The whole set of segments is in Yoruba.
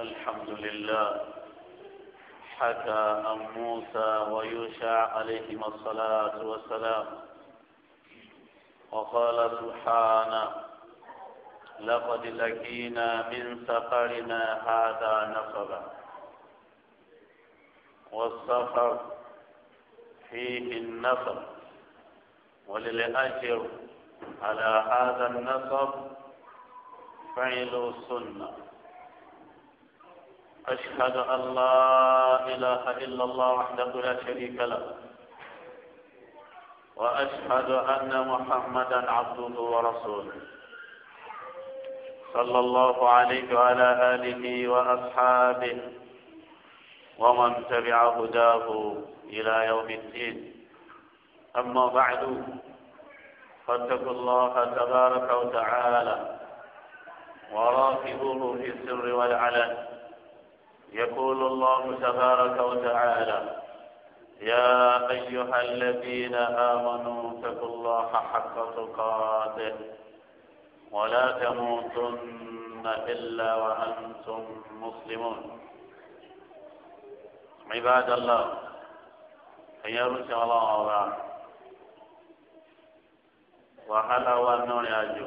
الحمد لله حكى عن موسى ويوشع عليهما الصلاة والسلام وقال سبحانه لقد لقينا من سفرنا هذا نصبا والسفر فيه النصب وللأجر على هذا النصب فعل السنه أشهد أن لا إله إلا الله وحده لا شريك له وأشهد أن محمدا عبده ورسوله صلى الله عليه وعلى آله وأصحابه ومن تبع هداه إلى يوم الدين أما بعد فاتقوا الله تبارك وتعالى وراقبوه في السر والعلن يقول الله تبارك وتعالى يا أيها الذين آمنوا اتقوا الله حق تقاته ولا تموتن إلا وأنتم مسلمون عباد الله أن رسل الله وهلا والنور يا جو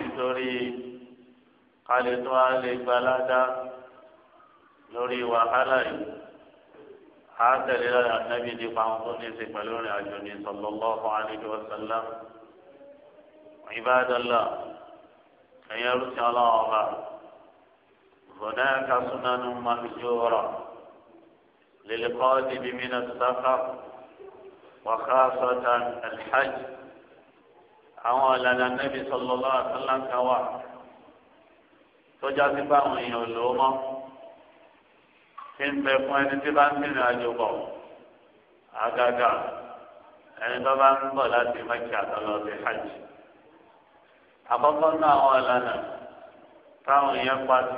نتوري kálí tó a lè gbalada lórí wàhálà yìí a tẹ̀lé lọ́dà nàbí nípa àwọn tó ní ṣe pẹ̀lú rìn àjò ní sallallahu alaihi wasallam ibadallah ẹ̀yẹ rúṣì ọlọ́wọ́ ọba هناك سنن مهجورة للقادم من السفر وخاصة الحج أولا النبي صلى الله عليه وسلم كواحد tọ́já sí bá àwọn èèyàn lò ó mọ́ tí ń bẹ fún ẹni tí bá ń rìnrìn àjò bọ̀ àgàgà ẹni tó bá ń bọ̀ láti mẹ́kì àtọ́lọ́ sí hajj. àkọ́kọ́ náà àwọn ìlànà táwọn èèyàn pàtó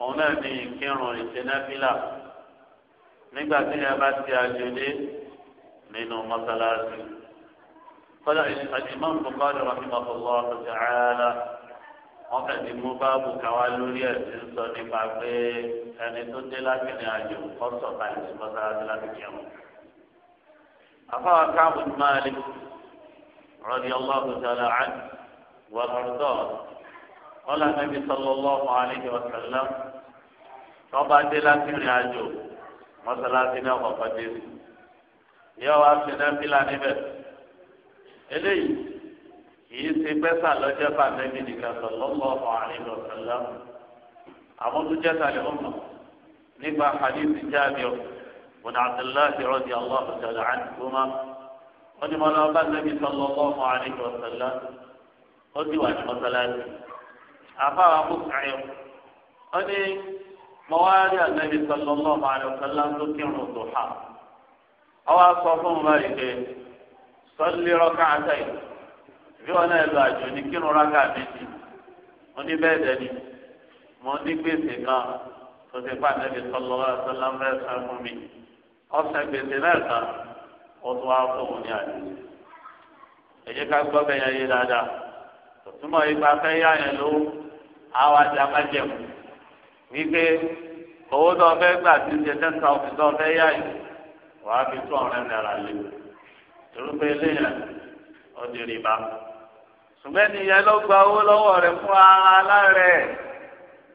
òun náà ní ìkírun ìṣẹ́nẹ́fílà nígbà tí ẹ bá ti àjò dé nínú mọ́sálásí. قال الإمام البخاري رحمه الله تعالى wọn kàn ti mú báàbù káwá lórí ẹsẹ ń sọ nípa pé ẹni tó dé lákìnrin àjò kọsọ báyìí sí mọ́sálásí láti jẹun. afáwa káàbù Malik radiyallahu ta'ala anhu wà lọ́dọ̀ ọ̀là nàbí sallallahu alaihi wa sallam tọ́ba dé lákìnrin àjò mọ́sálásí náà kọ̀ọ̀kan dé. yọ wá sí náà fílà níbẹ̀ eléyìí kìí ṣe pẹ́sà lọ́jọ́ bá nẹ́bí nìkan sallallahu alaihi wasallam àwọn tó jẹ́ sàlẹ̀ ọmọ nípa hadith Jabir bin Abdullah radiyallahu ta'ala anhuma wọ́n ní mọ́lá bá nẹ́bí sallallahu alaihi wasallam ó sì wà ní mọ́sálásí àbáwá mùsàlẹ̀ ó ní mọ́wárí ànẹ́bí sallallahu alaihi wasallam tó kírun duha bí wọn náà lọ àjò ní kírun rákà méjì mo ní bẹ́ẹ̀ dẹ́ni mo ní gbèsè kan tó ti pa àtẹ́bí sọlọ ọ̀sọ́lá ń bẹ́ẹ̀ sọ fún mi ọ̀sẹ̀ gbèsè náà kan ó tún wá fún òun ní àjò ẹ jẹ́ ká gbọ́ bẹ́ẹ̀ yẹn yé dáadáa tòtúmọ̀ ipa fẹ́ yá yẹn ló àwọn àjàmájẹ̀mú wípé owó tó fẹ́ gbà tí ṣe ten thousand tó fẹ́ yá yìí wàá fi tún ọ̀rẹ́ náírà lé torí pé eléyà ó di rìbá ṣùgbọ́n ènìyàn ló gba owó lọ́wọ́ rẹ̀ fún ara alárẹ̀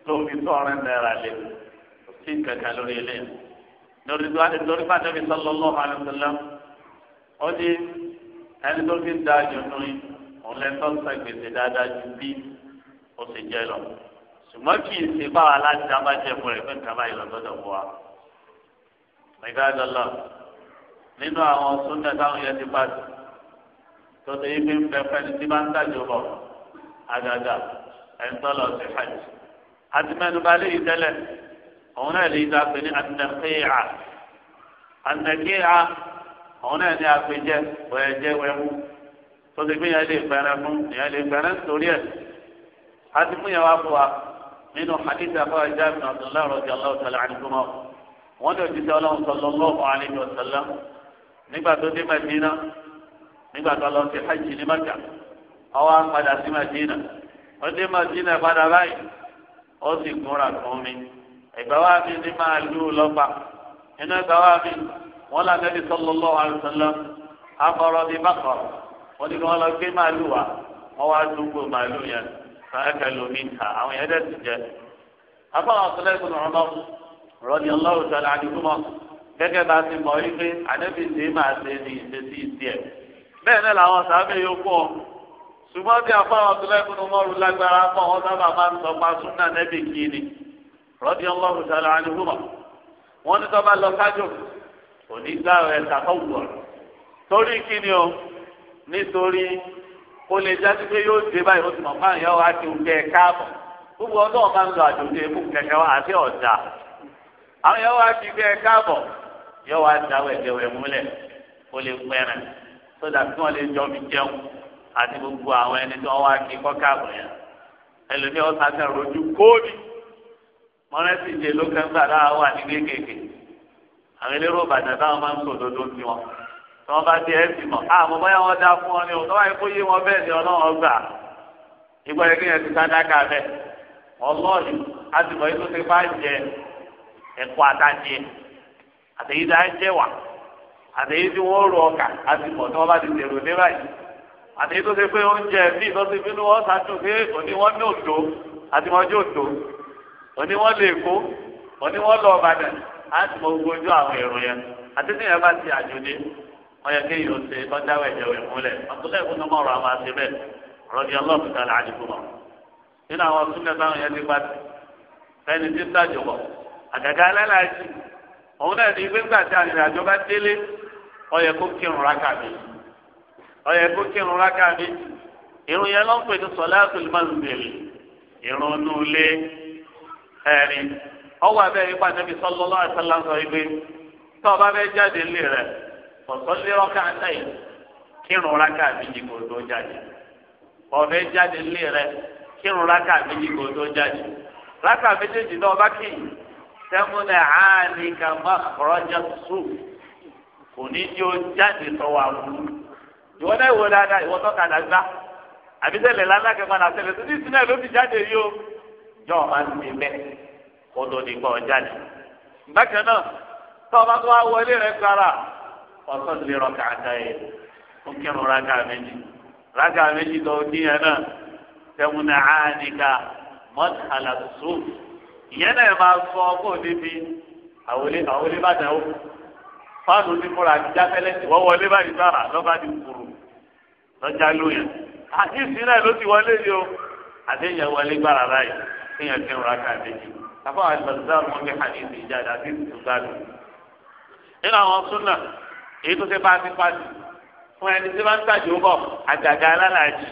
lórí tọ́rin náírà lé sí kankan lórí ilé lórí lórí pàtẹ́bí sallallahu alaihi wasallam ó ní ẹni tó fi ń da àjò nù yín òun lẹ́tọ́ sọ gbèsè dáadáa ju bí ó sì jẹ́ lọ ṣùgbọ́n kì í ṣe báwa láti dábàá jẹ fún rẹ̀ fún ìtàbá ìlọ́dọ̀dọ̀ fún wa. ìgbà àjọ nínú àwọn sóńdà táwọn yẹn ti pàṣẹ tọ́tẹ́ yìí fi ń bẹ fẹ́ni tí bá ń tàjọ bọ̀ àgàgà ẹ̀ńtọ́lọ̀ sí hajj. àti mẹ́nuba lè yí tẹ́lẹ̀ òun náà lè yí ta pé ní anakéyà anakéyà òun náà ní apẹjẹ wẹ̀ẹ́jẹ wẹ̀ẹ́mú tọ́tẹ́ pé yẹn lè fẹ́rẹ́ fún yẹn lè fẹ́rẹ́ nítorí ẹ̀ àti fún wa nínú hadith àbọ̀ ẹ̀jẹ̀ àbí Abdullah radiyallahu ta'ala anhu wọ́n ti sẹ́ nígbà tó lọ sí hajj ní maka ọwọ́ padà sí madina ó dé madina padà báyìí ó sì kúnra fún mi ìgbà wa mi ní máa lù ú lọ́pa iná ìgbà wa mi wọn là nẹ́bí sallallahu alaihi wasallam akọrọ bíi bàkọ wọn ni wọn lọ gbé màálù wa wọn wá dúgbò màálù yẹn fẹ́ẹ́kẹ́ lomi ta àwọn yẹn dẹ̀ ti jẹ. afọwọ́ ọ̀sán ẹ̀kọ́ ní ọmọ rọ́ọ̀dì ọlọ́run sọ̀rọ̀ àdìgúnmọ́ gẹ́gẹ́ bá ti mọ̀ wípé àdébìsí máa ṣe ní ìṣesí ìṣe ẹ̀. bẹ́ẹ̀ náà làwọn sábẹ́ yòókù ọ ṣùgbọ́n tí afáwọn ọ̀túnlẹ́kùnú mọ́rù lágbára mọ́ wọn sábà máa ń sọ pa súnà nẹ́bì kìíní rọ́dí ọlọ́run sàlẹ̀ àníhùmọ̀ wọ́n ní sọ́ba lọ torí o nítorí kó lè jáde pé yóò dé báyìí ó ti mọ̀ fáwọn ìyá wa ti ń kẹ́ káàbọ̀ gbogbo ọdún ọ̀ma ń lo àjòjì èmú kẹ̀kẹ́ wa àti ọ̀dà àwọn sódà tí wọ́n lè jọ mi jẹun àti gbogbo àwọn ẹni tí wọ́n wá kí kọ́kà bọ̀ yẹn ẹlòmíì ọ̀sán àti àròjù kóòdì mọ́rẹ́sì jẹ ló kẹ́ńgbà láwọn wà ní kéékèèké àwọn elérò bàtà táwọn máa ń sọ òdodo sí wọn tí wọ́n bá dé ẹ̀sìn mọ̀ àmọ́ ah, báyà wọ́n dá fún wọn ni òun tó wáyé kó yé wọn bẹ́ẹ̀ ni ọlọ́run gbà ìgbà yẹn kéèyàn ti sádáka bẹ́ẹ̀ ọlọ́ọ̀lì àtìmọ̀ yìí tó ti bá jẹ ẹ̀kọ́ àtàjẹ àtẹ̀yídá jẹ wà. àtẹ̀yí tí wọ́n rọ ọkà àti pọ̀ tí wọ́n bá ti dèrò ní báyìí àtẹ̀yí tó ṣe pé oúnjẹ bíi tó ti bínú wọ́n pé òní wọ́n ní àti wọ́n jẹ́ òní wọ́n lè kó òní wọ́n lọ ọ̀bàdàn mọ gbogbo ojú àwọn èrò yẹn àti tí yẹn bá ti wọ́n yẹ kéèyàn ọyẹ kó kírun rákà mi ọyẹ kó kírun rákà mi irun yẹn ló pè ní sọláàtù mọ́nsìlì irun inú ilé ẹ̀rí ọwọ́ abẹ́rẹ́ ipa níbi sọlọ́lá àtàlà ń sọ igbe tó ọba bẹ́ẹ̀ jáde ńlẹ̀ rẹ̀ ọ̀sọ́lé ọkà bi kírun rákà mi ní kò tó jáde ọbẹ̀ jáde ńlẹ̀ rẹ̀ kírun rákà mi ní kò tó jáde méjèèjì náà ọba kì í sẹ́mu náà ní sùn. òní tí ó jáde sọ̀wọ́ àbúrú ìwọ náà ìwọ dáadáa ìwọ tó kàdà àbí sẹlẹ̀ lánàá kẹfà náà sẹlẹ̀ tó ní ló jáde yìí o ọba bẹ́ẹ̀ kó tó di jáde. bákan náà ọba tó wá wọlé rẹ ọ̀sán lè ó méjì méjì tó náà mọ́tàlá sùn ìyẹn náà fáànù onímọ̀ra àtijọ́ tẹ́lẹ̀ tí wọ́n wọlé báyìí sára lọ́ba di kúrò lọ́jà lóyè àti ìsìnlẹ̀ ló ti wọlé ni o àtẹ̀yẹ wọlé gbára báyìí kéèyàn ti rà ká méjì àfọ àlùbọ̀dá wọn bí hadith ìjáde àti ìtúgbàdùn. nínú àwọn súnà èyí tó ṣe pàṣẹ pàṣẹ fún ẹni tí wọ́n ń tàjú bọ̀ àgàgà alálàájì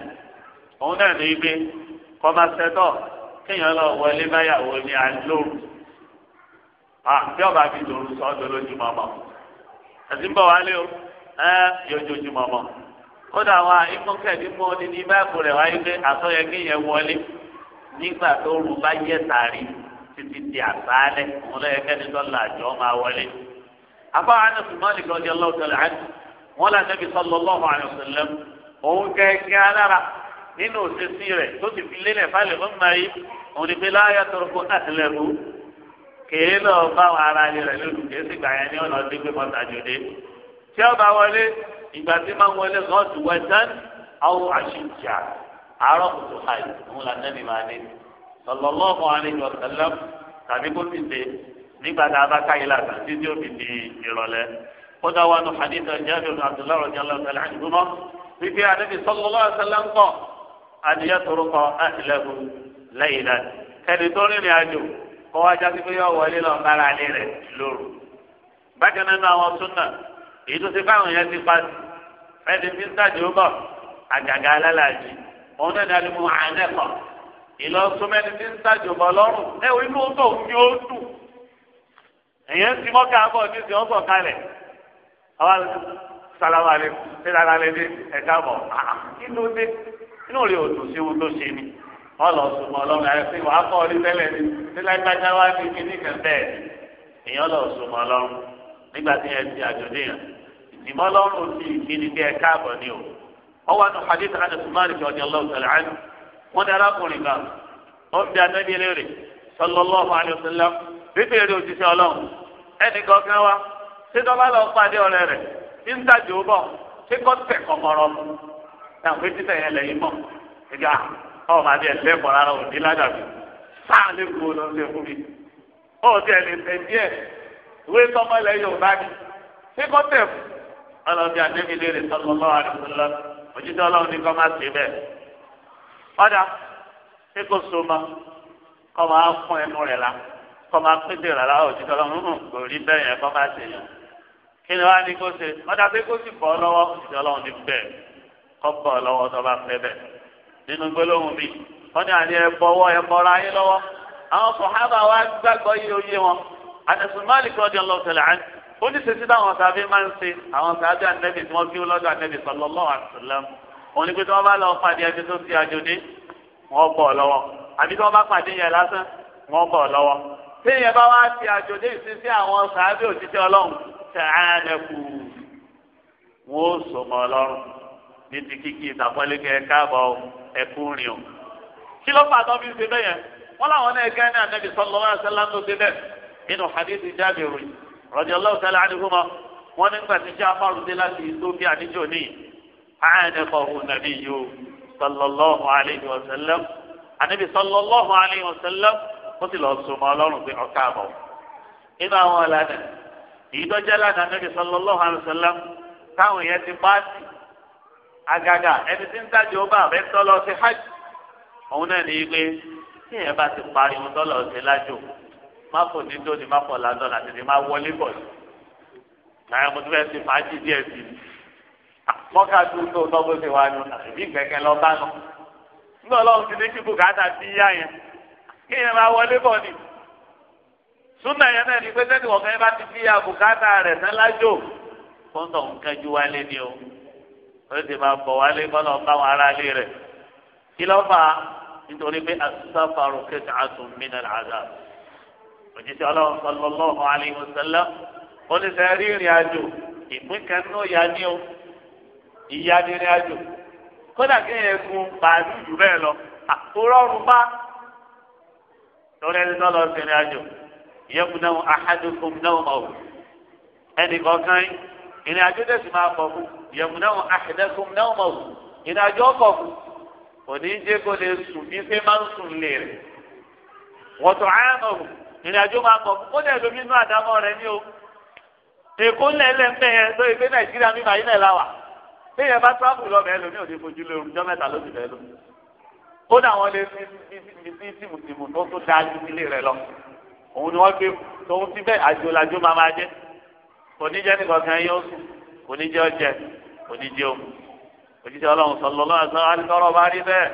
òun náà ní ibi kọ́másẹ́tọ̀ kéèyàn lọ wọlé báyàwó ní alóòrù. àbí ọba fi dòrú sọ́dọ̀ lójúmọ́ mọ́ àti ń bọ̀ wálé o ẹ yọjọjúmọ̀ mọ̀ kódà wa ìmọ̀kẹ́ni mọ́ ni ní báàbù rẹ̀ wáyé pé àtọ́yẹ kí yẹn wọlé nígbà tó rú bá yẹ tààrí títí di àbálẹ̀ òun lọ́yẹ kẹ́ni tó là jọ máa wọlé. afọ àánú sùmọ́lì kan di ọlọ́ọ̀tọ̀ làánú wọn là nẹ́bi sallallahu alaihi wasallam òun kẹ́kẹ́ alára nínú òṣèṣì rẹ̀ tó ti fi lélẹ̀ fálẹ̀ fún mi òun ni pé láyà tó rọ kèé lọ bá wọn ara rẹ lórí kèé sì gbà yẹn ní ọ̀nà ọdún pé mọ́tà jòdè tí ó bá wọlé ìgbà tí máa ń wọlé gọ́ọ̀dù wẹ́tán àwọn àṣìjà àárọ̀ kùtù hàì òun là nẹ́ni máa ní sallallahu alaihi wa sallam tàbí kó ti dé nígbà tá a bá káyìí là tàbí tí ó fi di ìrọ̀lẹ́ ó dá wa nù hadith Jabir bin Abdullah radiyallahu ta'ala anhuma wípé àdébí sallallahu kọ́wá jáde pé yọ wọlé lọ bára lé rẹ̀ lóru bákan nínú àwọn súnà èyí tó ti fáwọn yẹn ti pàṣẹ fẹ́ẹ́ni mínísítàdì ó bọ̀ àgàgà alálàájì òun náà ní alimu àánẹ́kọ̀ ìlọsọmẹni mínísítàdì ó bọ̀ lọ́rùn ẹ wọ inú tó ń yóò dùn èyàn ti mọ́kà bọ̀ ní ti ọ̀bọ̀ kalẹ̀ àwọn sàlámù alẹ́ ṣẹlẹ̀ alẹ́ ní ẹ̀ka bọ̀ kí ló dé inú rẹ̀ ò dùn sí ohun tó ṣe ni. ọlọsùnmọ ọlọmọ ẹ fi wàá kọ orí tẹ́lẹ̀ ní nílágbájá wá ní kíní kan bẹ́ẹ̀ èèyàn ọlọsùnmọ nígbà tí ẹ ti àjọdé yàn ìmọ̀ ọlọ́run ti kíni bí ẹ káàbọ̀ ni o àti wọn ní arákùnrin kan ó ń bí eléré ẹnì wa ṣé ọ máa bí ẹsẹ̀ ẹ̀kọ́ rárá òní ládàbí sáà lè kó lọ sí ẹkú mi ó ti ẹ̀ lè tẹ̀ díẹ̀ ìwé tọ́mọ ilẹ̀ Yorùbá ni ṣé kò tẹ̀ fún ọlọ́bí adébílé rẹ̀ sọ́kọ́ lọ́wọ́ àdìsọ́lá òjijì ọlọ́run ní kọ́ máa ṣe bẹ́ẹ̀ ọ̀dà ṣé kò so ma kọ́ máa fún ẹnu rẹ̀ la kọ́ máa pín dèrò àlá òjijì ọlọ́run kò rí bẹ́ẹ̀ yẹn kọ́ máa ṣe yẹn kí ni wàá ní kó ṣe ọ̀dà ṣé kó sì bọ́ lọ́wọ́ òjijì ọlọ́run ní bẹ́ẹ̀ kọ́ bọ́ lọ́wọ́ tó bá fẹ́ bẹ́ẹ̀ nínú gbólóhùn mi wọn ní àní ẹbọwọ ẹbọra yín lọ́wọ́ àwọn sọhábà wa gbàgbọ́ yìí oyé wọn àdẹsùnmáàlì kí wọn di ọlọsẹ làán ó ní sèṣin táwọn sábẹ máa ń ṣe àwọn sábẹ ànẹbì tí wọn bí lọ́dọ̀ ànẹbì sọlọlọ àtúlẹm òun ní pé tí wọn bá lọ pàdé ẹni tó ti àjòdì wọn bọ lọ́wọ́ àbí tí wọn bá pàdé yẹn lásán wọn bọ lọ́wọ́ tí yẹn bá wá ti àjòdì ìsinsin àwọn sábẹ òṣìṣẹ́ Ọlọ́run tẹ wọn ó sọmọ Ọlọ́run ní ti kíkí ìtàpọ́lé kẹ káàbọ̀ ẹkú rìn o kí ló fà tó fi ṣe bẹ́ẹ̀ yẹn wọ́n làwọn náà gẹ́ ní ànábì sallallahu alaihi wasallam tó ṣe bẹ́ẹ̀ nínú hadithi Jabiru radiyallahu ta'ala anhuma wọ́n nígbà tí jáfàrú dé láti Ethiopia níjọ́ ní àyànnẹ́kọ̀ọ́ nàbí yìí sallallahu alaihi wasallam ànábì sallallahu alaihi wasallam ó sì lọ sọmọ ọlọ́run pé ọ̀ká àbọ̀ nínú àwọn ọ̀làdà ìdọ́jẹ́ lánàá ànábì sallallahu alaihi wasallam táwọn yẹn ti pààtì àgàgà ẹni tí ń tajà ó bá àbẹ tọ́lọ sí hajj òun náà ní pé tí ẹ bá ti parí ohun tọ́lọ sí lájò má fò ní dóni má fò ládọ́ láti ní má wọlé bọ̀ sí. làyẹn mo ti fẹ́ ti fàájì díẹ̀ sí i. mọ́ká tó tó tọ́gbó ti wá ní àbí gbẹ̀kẹ́ lọ bá nù. nígbà ọlọ́run ti ní kíkú káàtà sí yá yẹn kí ẹ máa wọlé bọ̀ ni. súnà yẹn náà ni pé sẹ́ni wọ̀kẹ́ bá ti fi àbùkátà rẹ̀ sẹ́lájò kó ń tọ̀ ó sì máa bọ̀ wálé kọ́nà bá wọn ará ilé rẹ̀ kí ló fà á nítorí pé asáfarò kẹta àtúnmínà àdá òjíṣẹ́ ọlọ́run sallallahu alaihi wasallam ó ní sẹ́ rí ìrìn àjò ìpín kẹ́nu ìyá ní o ìyá ní àjò kódà kí ẹ̀ gun bàálù jù bẹ́ẹ̀ lọ àtúrọ́rùn bá lórí ẹni tó lọ sí ìrìn àjò ìyẹ́kùn náà àhádùn náà mọ̀ ẹnì kọ̀ọ̀kan yìí ìrìn àjò dẹ̀sí máa pọ̀ fún yẹ̀mú náà àṣẹdẹ́kùn náà mọ̀ fún ìrìn àjò ọkọ̀ fún òní jẹ́ kó lè sùn bí ṣe máa ń sùn lè rẹ̀ wọ́tọ̀ àmọ̀ fún ìrìn àjò máa pọ̀ fún ó dẹ̀ lómi inú àdámọ́ rẹ̀ ní o èkó ńlẹ̀ẹ́lẹ̀ ń bẹ̀ yẹn lórí pé nàìjíríà mi màá yín náà láwà téèyàn bá travel lọ bẹ́ẹ̀ lómi òde fojú lóru jọ́ mẹ́ta ló ti bẹ́ẹ̀ lómi ó dà wọn lé sí tìmùtìmù tó tó dáa ju ilé rẹ̀ lọ òun ni wọ́n gbé tòun ti bẹ́ẹ̀ àjò làjò máa máa jẹ́ kò ní jẹ́ nìkan kan yóò sùn kò ní jẹ́ ọjẹ́ kò ní jẹ́ òmù òjijì ọlọ́run sọ̀lọ́ lọ́wọ́ sọ alùpàrọ̀ bá rí bẹ́ẹ̀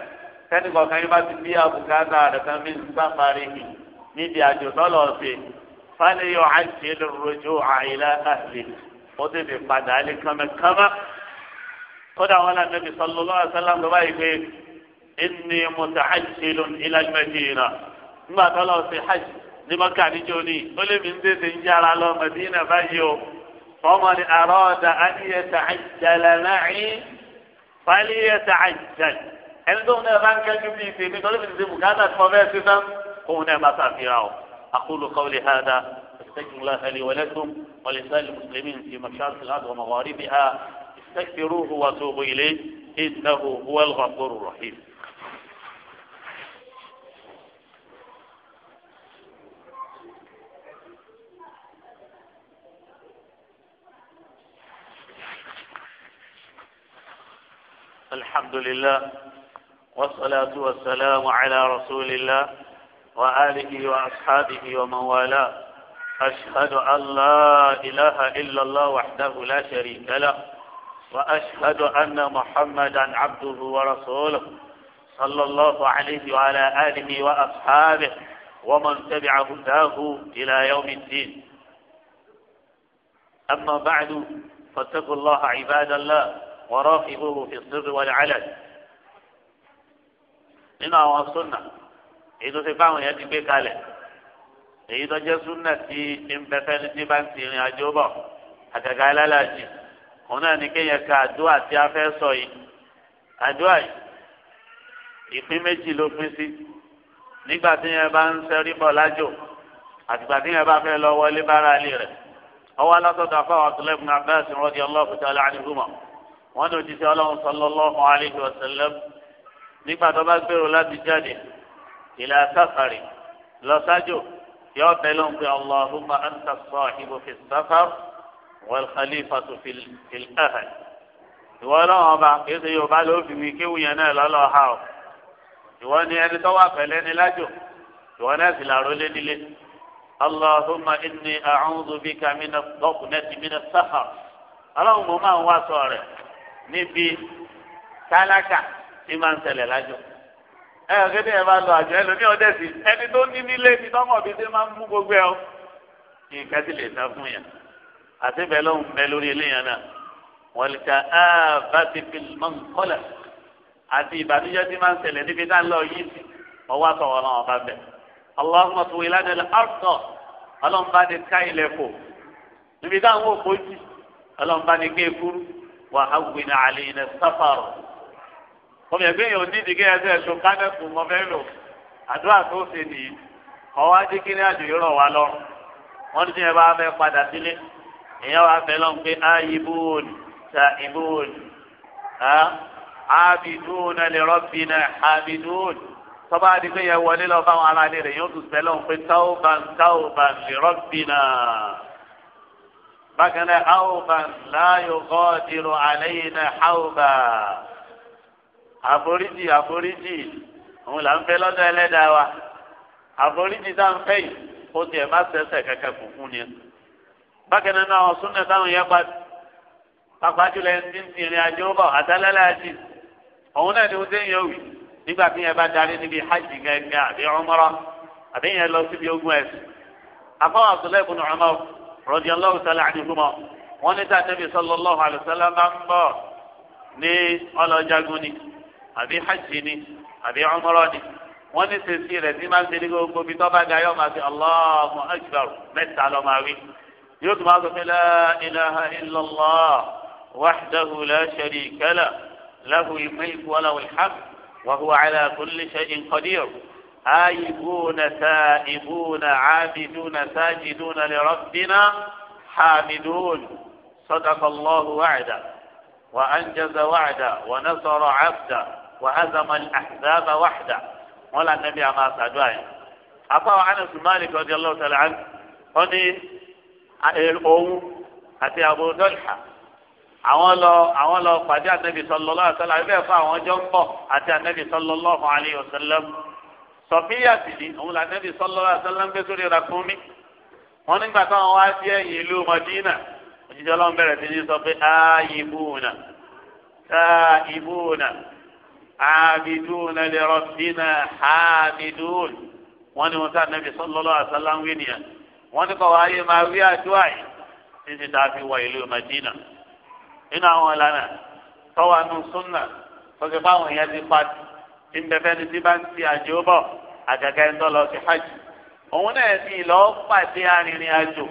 sẹ́nìkan kan yóò bá ti bí àbùkátà rẹ̀ kan bí sáfàrí mi níbi àjò tọ́lọ̀ ṣe fálẹ̀ yóò á àìlá àlè ó ti padà lé kánmẹ́kánmẹ́ kódà wọn lànà bí sọ̀lọ́ lọ́wọ́ sọ́lá ló báyìí pé ẹni mo ti hajj lónìí ilá ní mọ́kà níjó ni ó lé mi ń tètè ń yára lọ mẹ̀dínà báyìí o ọmọ ni àrọ́ọ̀dà àníyẹ̀tà àjàlẹ̀ náà fàlíyẹ̀tà àjàlẹ̀ ẹni tó ń náà bá ń kẹ́jú bí ìpè mi tọ́lé mi ti ṣe bùkátà tí mo fẹ́ ṣe tán òun náà máa ṣàfihàn o àkúlù kọ́wé hàdá ìṣẹ́jùlá ẹni wọlé tó wọlé sáàlì mùsùlùmí ti mọ̀ṣáàtì láti ọmọ wàrí bí i ha ìṣẹ́kìrú huwa tó bọ̀ ilé ìdáhùn huwa الحمد لله والصلاة والسلام على رسول الله وآله وأصحابه ومن والاه أشهد أن لا إله إلا الله وحده لا شريك له وأشهد أن محمدا عبده ورسوله صلى الله عليه وعلى آله وأصحابه ومن تبع هداه إلى يوم الدين أما بعد فاتقوا الله عباد الله وراقبوه في السر والعلن nínú àwọn súnà èyí tó ti fáwọn yẹn ti gbé kalẹ̀ èyí tó jẹ́ súnà tí ìmbẹ́fẹ́ ní bá ń ti ìrìn àjò bọ̀ àgàgà alálàájì òun náà ní kéèyàn ka àdúrà tí a fẹ́ sọ yìí àdúrà yìí ìpín méjì ló pín sí nígbà tí yẹn bá ń sẹ́rí bọ̀ lájò àtìgbà tí yẹn bá fẹ́ lọ wọlé bára ilé rẹ̀ ọwọ́ alásọ̀tà fáwọn àtúlẹ̀kùn Abbas radiyallahu ta'ala anhuma wọ́n ní òjíṣẹ́ ọlọ́run sallallahu alayhi wa sallam nígbà tó bá gbèrò láti jáde ìlà sáfàrì lọ́sájò yóò bẹ lóhùn pé allahumma anta sahibu fi safar wal khalifatu fil ahad ìwọ ọlọ́run ọba kìí ṣe yorùbá ló fi kéwù yẹn náà lọ́lọ́ ha o ìwọ ni ẹni tó wà pẹ̀lẹ́ ni lájò ìwọ náà sì làró lé nílé allahumma inni a'udhu bika mina dọ́kùnẹ́tì mina sáfàrì ọlọ́run mo máa ń níbi tálákà tí máa ń ṣẹlẹ̀ lájọ. ẹ ẹ kéde ẹ bá lọ àjọ ẹlòmíì ọdẹ sí ẹni tó ní nílé ni tọmọ bíi ṣe máa ń mú gbogbo ẹ o. nǹkan ti lè sá fún yẹn àti bẹ́ẹ̀ lọ́hùn bẹ́ẹ̀ lórí eléyàn náà wọ́n lè ka áàbàtì fìlmọ́nkọ́là àti ìbànújẹ́ tí máa ń ṣẹlẹ̀ níbi tá ń lọ yìí sí ọwọ́ àtọwọ́ náà ọba bẹ̀. tó ilá ọ̀tọ̀ ọlọ́mba ni ká ilẹ̀ kò níbi táwọn òkò jì ọlọ́mba ni ké kúrú wà á wí ní àlè ilẹ̀ sáfàrọ̀. ọmọ ẹgbẹ́ yẹn ò ní ìdíkẹ́ ẹsẹ̀ ẹ̀sùn kánẹ́kù mọ́fẹ́lò àdúrà tó ṣe nìyí ọwọ́ ajé kíní àjòyè rọ̀ wá lọ. wọ́n ti yẹn bá fẹ́ padà sílé èèyàn wá fẹ́ lọ́n pé ayibúwòn ta ibúwòn abidúwòn lè rọ́bìnà abidúwòn tọ́ba adigun yẹn wọlé lọ fáwọn aráàlú rẹ̀ yóò tún fẹ́ lọ́n pé táwọn bá ń táwọn bá ń lè rọ́bìnà bákan náà àwòbá láàyò kọ́ọ̀dìrò àlẹ́yìn náà àwòbá àforíjì àforíjì òun là ń fẹ́ lọ́dọ̀ ẹlẹ́dàá wa àforíjì tá à ń fẹ́ yìí ó tiẹ̀ má sẹ́sẹ̀ kẹ̀kẹ́ fúnfún ni bákan náà àwọn súnà táwọn yẹn pa pàpà jùlọ ẹni tí ìrìn àjò bọ̀ àtàlẹ́lẹ́ àti òun náà ni ó déyìn òwì nígbà tí yẹn bá darí níbi hajj gẹ́gẹ́ àbí umrah àbí yẹn lọ síbi ogun ẹ̀sìn àfọwọ́ àtúlẹ̀ ìkùnà ọmọ radiyallahu ta'ala anhuma wọn ní tàtẹ́bí sallallahu alaihi wasallam máa ń bọ̀ ní ọlọ́jàgún ni àbí hajj ni àbí umrah ni wọn ní sèṣì rẹ̀ ní máa ń tẹ́lẹ̀ gbogbo bí tọ́ba dá yọ máa fi Allahu akbar mẹ́ta lọ máa wí yóò tún máa sọ pé la ilaha illallah wahdahu la sharika lahu lahu al-mulku wa lahu آيبون تائبون عابدون ساجدون لربنا حامدون صدق الله وعده وأنجز وعده ونصر عبده وهزم الأحزاب وحده ولا النبي ما سادوين أطاع عن مالك رضي الله تعالى عنه أني الأم أتي أبو طلحة àwọn lọ àwọn lọ pàdé ànábì sọlọ lọ àtàlà ẹgbẹ fún àwọn jọ ń bọ sọfíyà sì ni òun là nẹ́bí sọlọ́lá sọlá ń gbé sórí ra fún mi wọn nígbà táwọn wá sí ẹ̀yìn ìlú mọdínà òjijì ọlọ́run bẹ̀rẹ̀ sí ní sọ pé áyìnbùnà táìbùnà ábìdùnà lè rọ̀bìnà ábìdùn wọn ni wọn sá nẹ́bí sọlọ́lá sọlá ń wí nìyẹn wọn ní kọ́ wá yé máa rí àdúrà yìí títí tá a fi wọ ìlú mọdínà nínú àwọn ìlànà tọ́wọ́ àánú súnà tọ́jú báwọn yẹn ti pàtó ìbẹ̀fẹ́ ni tí bá ń ti àjò bọ̀ àgàgà ẹ̀ ń lọ sí hajj òun náà ti lọ pàdé arìnrìn àjò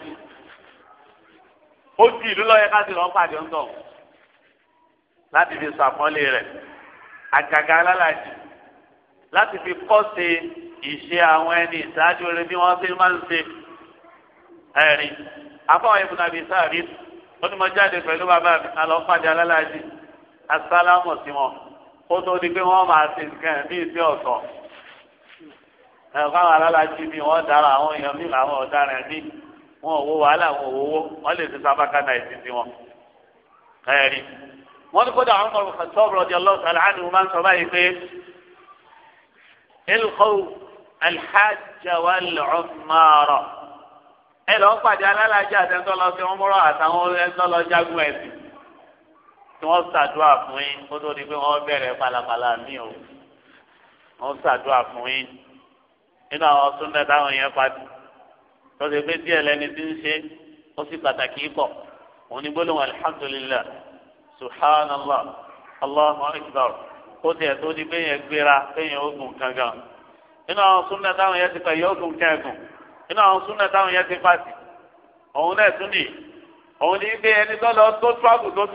ó ju ìlú lọ́yẹ ká ti lọ pàdé ń tọ̀ láti fi sàpọ́nlé rẹ̀ àgàgà alálàjì láti fi kọ́ ṣe ìṣe àwọn ẹni ìṣáájú rẹ bí wọ́n ṣe máa ń ṣe ẹ̀rí afọwọ́ ibùdó àbí sáà rí ó ní pẹ̀lú bàbá mi alọ́ pàdé alálàjì asálámù sí wọn kó tó di pé wọ́n máa ṣe nǹkan ní ìṣe ọ̀tọ̀ ẹ̀ka alálàájì mi wọ́n dára àwọn èèyàn mi làwọn ọ̀daràn mi wọn ò wo wàhálà wọn ò wowó wọ́n lè ṣe sábàkánà ìsìn tiwọn. ẹ̀rí wọ́n ní kódà àwọn ọmọ sọ́ọ̀bù rọ̀dí ọlọ́ọ̀sán aláàánú máa ń sọ báyìí pé ilkọ́wù alhajjáwá lọ́ọ̀mọ́rọ̀ ẹ lọ́ọ́ pàdé alálàájì àtẹ́ńtọ́ lọ sí àtàwọn ẹ̀ńtọ́ tí wọ́n ṣàdúrà fún yín kó tó di pé wọ́n bẹ̀rẹ̀ palapala mi o wọ́n ṣàdúrà fún yín nínú àwọn súnlẹ̀ táwọn yẹn pati tó ti pé díẹ̀ lẹ́ni tí ń ṣe ó sì pàtàkì pọ̀ òun ni gbólóhùn alihamdulilayi subhanallah allahu akbar ó tiẹ̀ tó di pé yẹn gbéra pé yẹn gangan nínú àwọn súnlẹ̀ táwọn yẹn ti pa yẹn ogun kẹ́ẹ̀gùn nínú àwọn súnlẹ̀ táwọn yẹn ti òun náà tún nì òun ní bí ẹni tó lọ tó tó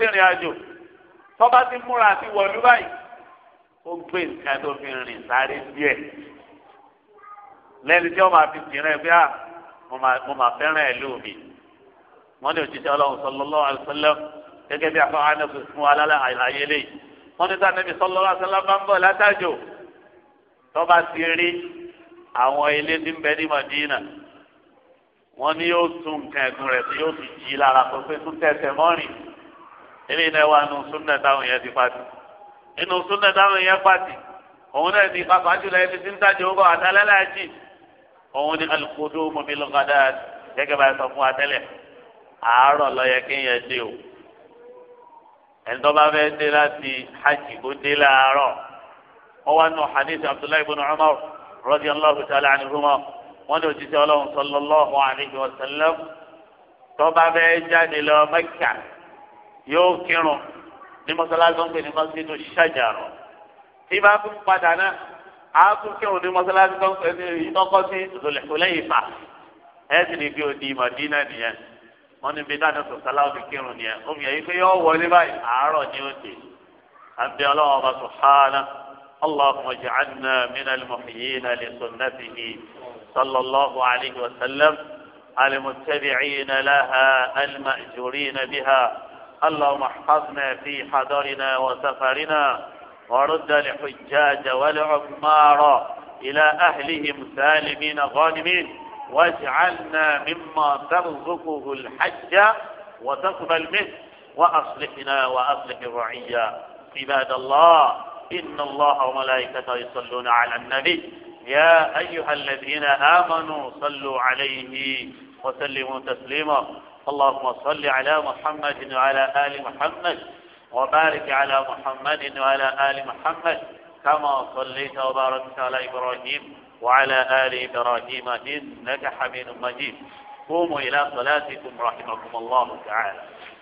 tọ́ba ti múra àti wọ̀lú báyìí ó gbé nǹkan tó fi rìn sáré díẹ̀ lẹ́ni tí wọ́n máa fi tìrẹ̀ bí a mo máa fẹ́ràn ẹ̀ lómi wọ́n ní òjijì ọlọ́run sallallahu alaihi wasallam gẹ́gẹ́ bí afọ anẹ́fẹ́ fún wa lálẹ́ àyè lè wọ́n ní sànẹ́bí sallallahu alaihi wasallam bá ń bọ̀ látàjò tọ́ba ti rí àwọn ilé tí ń bẹ ní Madina wọ́n ní yóò tún nǹkan ẹ̀gún rẹ̀ tí yóò fi jí lára pé tẹ̀sẹ̀ mọ́rin eléyìí náà wà nù súnà táwọn yẹn ti pàtì inú súnà táwọn yẹn pàtì òun náà ti pàpà jùlọ ẹni tí ń tajà owó àtàlẹ́lẹ́ àjì òun ni alùpùpù mọ̀mí lọ́kadà gẹ́gẹ́ bá a sọ fún wa tẹ́lẹ̀ àárọ̀ lọ́yẹ kí yẹn dé o ẹ̀ńtọ́ bá fẹ́ dé láti hajj kó dé láàárọ̀ wọ́n wá nù hadith abdullahi ibn umar radiyallahu ta'ala anhuma wọ́n ní òjijì ọlọ́run sallallahu alayhi wa sallam tó bá fẹ́ jáde lọ Mẹ́kà yóò kírun ní mọ́sálásí wọn pè ní mọ́sálásí tó ṣàjàrọ̀ tí bá tún padà náà á tún kírun ní mọ́sálásí wọn pè ní ìtọ́kọ́ sí Zul-Hulayfa ẹ̀ sì ní bí o di Mádínà nìyẹn wọn ní bí dáná tó sálá òbí kírun nìyẹn ó yẹ kí yóò wọlé báyìí àárọ̀ ni ó dé àbí ọlọ́wọ́ bá sùhánà اللهم اجعلنا من المحيين لسنته صلى الله عليه وسلم المتبعين لها المأجورين بها اللهم احفظنا في حضرنا وسفرنا ورد الحجاج والعمار إلى أهلهم سالمين غانمين واجعلنا مما ترزقه الحج وتقبل منه وأصلحنا وأصلح الرعية عباد الله إن الله وملائكته يصلون على النبي يا أيها الذين آمنوا صلوا عليه وسلموا تسليما اللهم صل على محمد وعلى آل محمد وبارك على محمد وعلى آل محمد كما صليت وباركت على إبراهيم وعلى آل إبراهيم إنك حميد مجيد قوموا إلى صلاتكم رحمكم الله تعالى